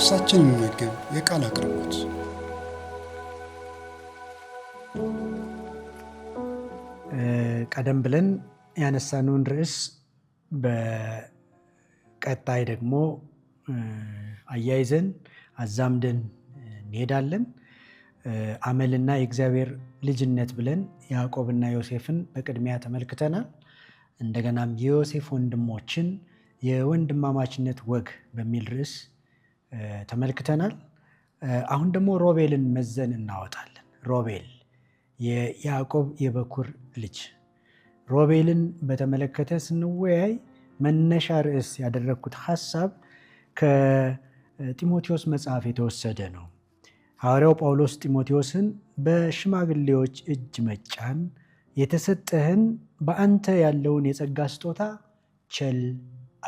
ነፍሳችን የሚመግብ የቃል አቅርቦት ቀደም ብለን ያነሳነውን ርዕስ በቀጣይ ደግሞ አያይዘን አዛምደን እንሄዳለን። አመልና የእግዚአብሔር ልጅነት ብለን ያዕቆብና ዮሴፍን በቅድሚያ ተመልክተናል። እንደገናም የዮሴፍ ወንድሞችን የወንድማማችነት ወግ በሚል ርዕስ ተመልክተናል። አሁን ደግሞ ሮቤልን መዘን እናወጣለን። ሮቤል የያዕቆብ የበኩር ልጅ ሮቤልን በተመለከተ ስንወያይ መነሻ ርዕስ ያደረግኩት ሀሳብ ከጢሞቴዎስ መጽሐፍ የተወሰደ ነው። ሐዋርያው ጳውሎስ ጢሞቴዎስን በሽማግሌዎች እጅ መጫን የተሰጠህን በአንተ ያለውን የጸጋ ስጦታ ቸል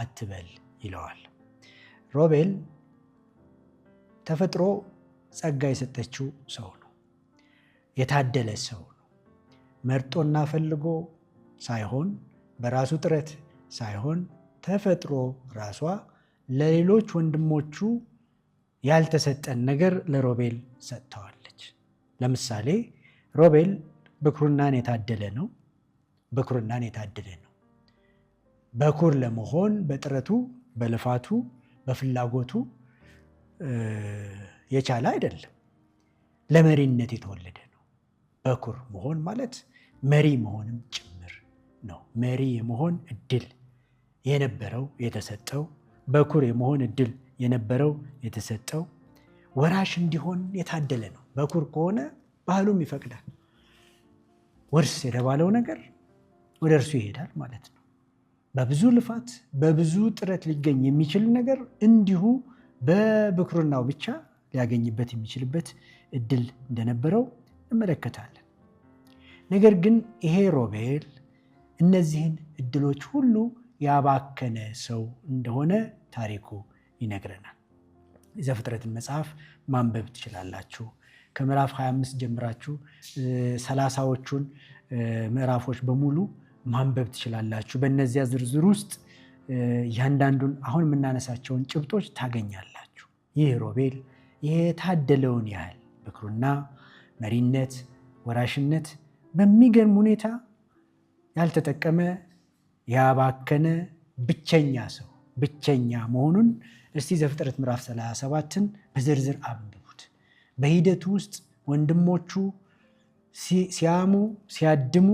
አትበል ይለዋል። ሮቤል ተፈጥሮ ጸጋ የሰጠችው ሰው ነው። የታደለ ሰው ነው። መርጦና ፈልጎ ሳይሆን በራሱ ጥረት ሳይሆን ተፈጥሮ ራሷ ለሌሎች ወንድሞቹ ያልተሰጠን ነገር ለሮቤል ሰጥተዋለች። ለምሳሌ ሮቤል ብኩርናን የታደለ ነው። ብኩርናን የታደለ ነው። በኩር ለመሆን በጥረቱ፣ በልፋቱ፣ በፍላጎቱ የቻለ አይደለም። ለመሪነት የተወለደ ነው። በኩር መሆን ማለት መሪ መሆንም ጭምር ነው። መሪ የመሆን እድል የነበረው የተሰጠው፣ በኩር የመሆን እድል የነበረው የተሰጠው፣ ወራሽ እንዲሆን የታደለ ነው። በኩር ከሆነ ባህሉም ይፈቅዳል። ውርስ የተባለው ነገር ወደ እርሱ ይሄዳል ማለት ነው። በብዙ ልፋት በብዙ ጥረት ሊገኝ የሚችል ነገር እንዲሁ በብኩርናው ብቻ ሊያገኝበት የሚችልበት እድል እንደነበረው እንመለከታለን። ነገር ግን ይሄ ሮቤል እነዚህን እድሎች ሁሉ ያባከነ ሰው እንደሆነ ታሪኩ ይነግረናል። የዘፍጥረትን መጽሐፍ ማንበብ ትችላላችሁ። ከምዕራፍ 25 ጀምራችሁ ሰላሳዎቹን ምዕራፎች በሙሉ ማንበብ ትችላላችሁ። በእነዚያ ዝርዝር ውስጥ እያንዳንዱን አሁን የምናነሳቸውን ጭብጦች ታገኛለ ይህ ሮቤል የታደለውን ያህል ምክሩና መሪነት፣ ወራሽነት በሚገርም ሁኔታ ያልተጠቀመ ያባከነ ብቸኛ ሰው ብቸኛ መሆኑን እስቲ ዘፍጥረት ምዕራፍ 37ን በዝርዝር አንብቡት። በሂደቱ ውስጥ ወንድሞቹ ሲያሙ ሲያድሙ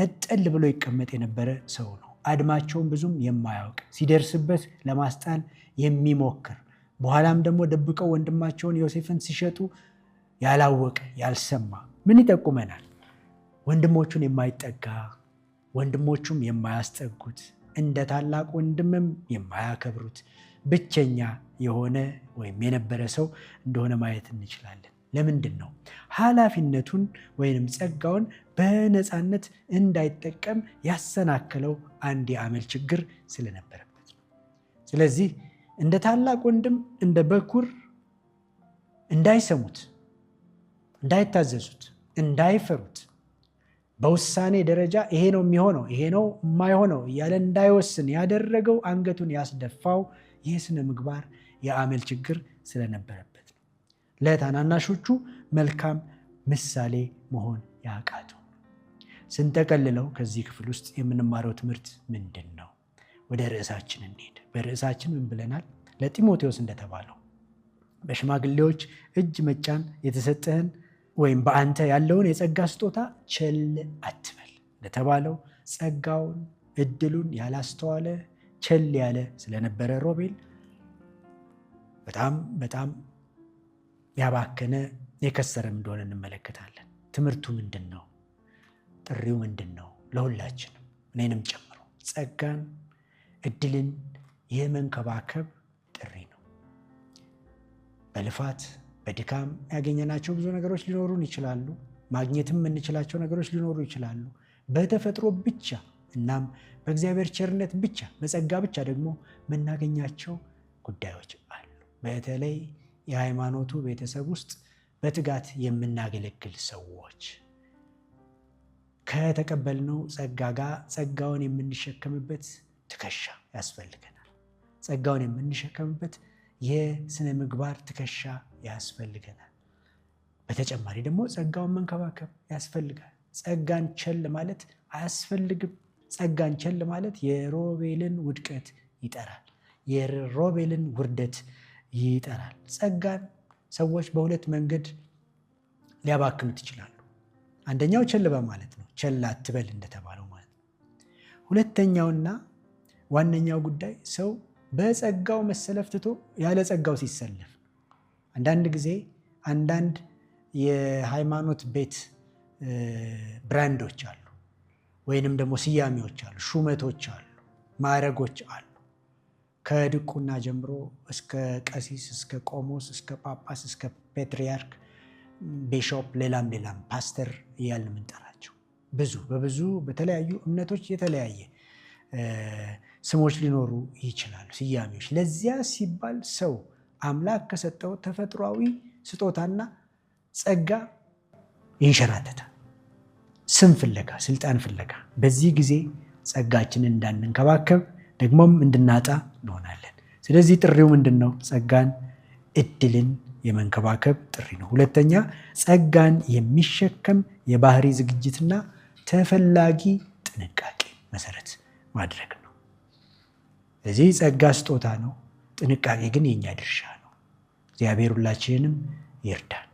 ነጠል ብሎ ይቀመጥ የነበረ ሰው ነው። አድማቸውን ብዙም የማያውቅ ሲደርስበት ለማስጣል የሚሞክር በኋላም ደግሞ ደብቀው ወንድማቸውን ዮሴፍን ሲሸጡ ያላወቀ ያልሰማ ምን ይጠቁመናል? ወንድሞቹን የማይጠጋ ወንድሞቹም የማያስጠጉት እንደ ታላቅ ወንድምም የማያከብሩት ብቸኛ የሆነ ወይም የነበረ ሰው እንደሆነ ማየት እንችላለን። ለምንድን ነው ኃላፊነቱን ወይንም ጸጋውን በነፃነት እንዳይጠቀም ያሰናከለው? አንድ የአመል ችግር ስለነበረበት ነው። ስለዚህ እንደ ታላቅ ወንድም እንደ በኩር እንዳይሰሙት፣ እንዳይታዘዙት፣ እንዳይፈሩት በውሳኔ ደረጃ ይሄ ነው የሚሆነው ይሄ ነው የማይሆነው እያለ እንዳይወስን ያደረገው አንገቱን ያስደፋው ይህ ስነ ምግባር የአመል ችግር ስለነበረበት ነው። ለታናናሾቹ መልካም ምሳሌ መሆን ያቃቱ ስንጠቀልለው ከዚህ ክፍል ውስጥ የምንማረው ትምህርት ምንድን ነው? ወደ ርዕሳችን እንሄድ። በርዕሳችን ምን ብለናል? ለጢሞቴዎስ እንደተባለው በሽማግሌዎች እጅ መጫን የተሰጠህን ወይም በአንተ ያለውን የጸጋ ስጦታ ቸል አትበል እንደተባለው ጸጋውን እድሉን ያላስተዋለ ቸል ያለ ስለነበረ ሮቤል በጣም በጣም ያባከነ የከሰረም እንደሆነ እንመለከታለን። ትምህርቱ ምንድን ነው? ጥሪው ምንድን ነው? ለሁላችንም እኔንም ጨምሮ ጸጋን እድልን የመንከባከብ ጥሪ ነው። በልፋት በድካም ያገኘናቸው ብዙ ነገሮች ሊኖሩን ይችላሉ። ማግኘትም የምንችላቸው ነገሮች ሊኖሩ ይችላሉ። በተፈጥሮ ብቻ እናም በእግዚአብሔር ቸርነት ብቻ በጸጋ ብቻ ደግሞ የምናገኛቸው ጉዳዮች አሉ። በተለይ የሃይማኖቱ ቤተሰብ ውስጥ በትጋት የምናገለግል ሰዎች ከተቀበልነው ጸጋ ጋር ጸጋውን የምንሸከምበት ትከሻ ያስፈልገናል። ጸጋውን የምንሸከምበት የስነ ምግባር ትከሻ ያስፈልገናል። በተጨማሪ ደግሞ ጸጋውን መንከባከብ ያስፈልጋል። ጸጋን ቸል ማለት አያስፈልግም። ጸጋን ቸል ማለት የሮቤልን ውድቀት ይጠራል፣ የሮቤልን ውርደት ይጠራል። ጸጋን ሰዎች በሁለት መንገድ ሊያባክኑት ይችላሉ። አንደኛው ቸል በማለት ነው፣ ቸል አትበል እንደተባለው ማለት ነው። ሁለተኛውና ዋነኛው ጉዳይ ሰው በጸጋው መሰለፍ ትቶ ያለ ጸጋው ሲሰለፍ፣ አንዳንድ ጊዜ አንዳንድ የሃይማኖት ቤት ብራንዶች አሉ፣ ወይንም ደግሞ ስያሜዎች አሉ፣ ሹመቶች አሉ፣ ማዕረጎች አሉ። ከድቁና ጀምሮ እስከ ቀሲስ፣ እስከ ቆሞስ፣ እስከ ጳጳስ፣ እስከ ፔትሪያርክ፣ ቢሾፕ፣ ሌላም ሌላም ፓስተር እያልን የምንጠራቸው ብዙ በብዙ በተለያዩ እምነቶች የተለያየ ስሞች ሊኖሩ ይችላሉ፣ ስያሜዎች። ለዚያ ሲባል ሰው አምላክ ከሰጠው ተፈጥሯዊ ስጦታና ጸጋ ይንሸራተታል። ስም ፍለጋ፣ ስልጣን ፍለጋ። በዚህ ጊዜ ጸጋችንን እንዳንንከባከብ ደግሞም እንድናጣ እንሆናለን። ስለዚህ ጥሪው ምንድን ነው? ጸጋን፣ እድልን የመንከባከብ ጥሪ ነው። ሁለተኛ ጸጋን የሚሸከም የባህሪ ዝግጅትና ተፈላጊ ጥንቃቄ መሰረት ማድረግ ነው። እዚህ ጸጋ ስጦታ ነው፣ ጥንቃቄ ግን የእኛ ድርሻ ነው። እግዚአብሔር ሁላችንንም ይርዳል።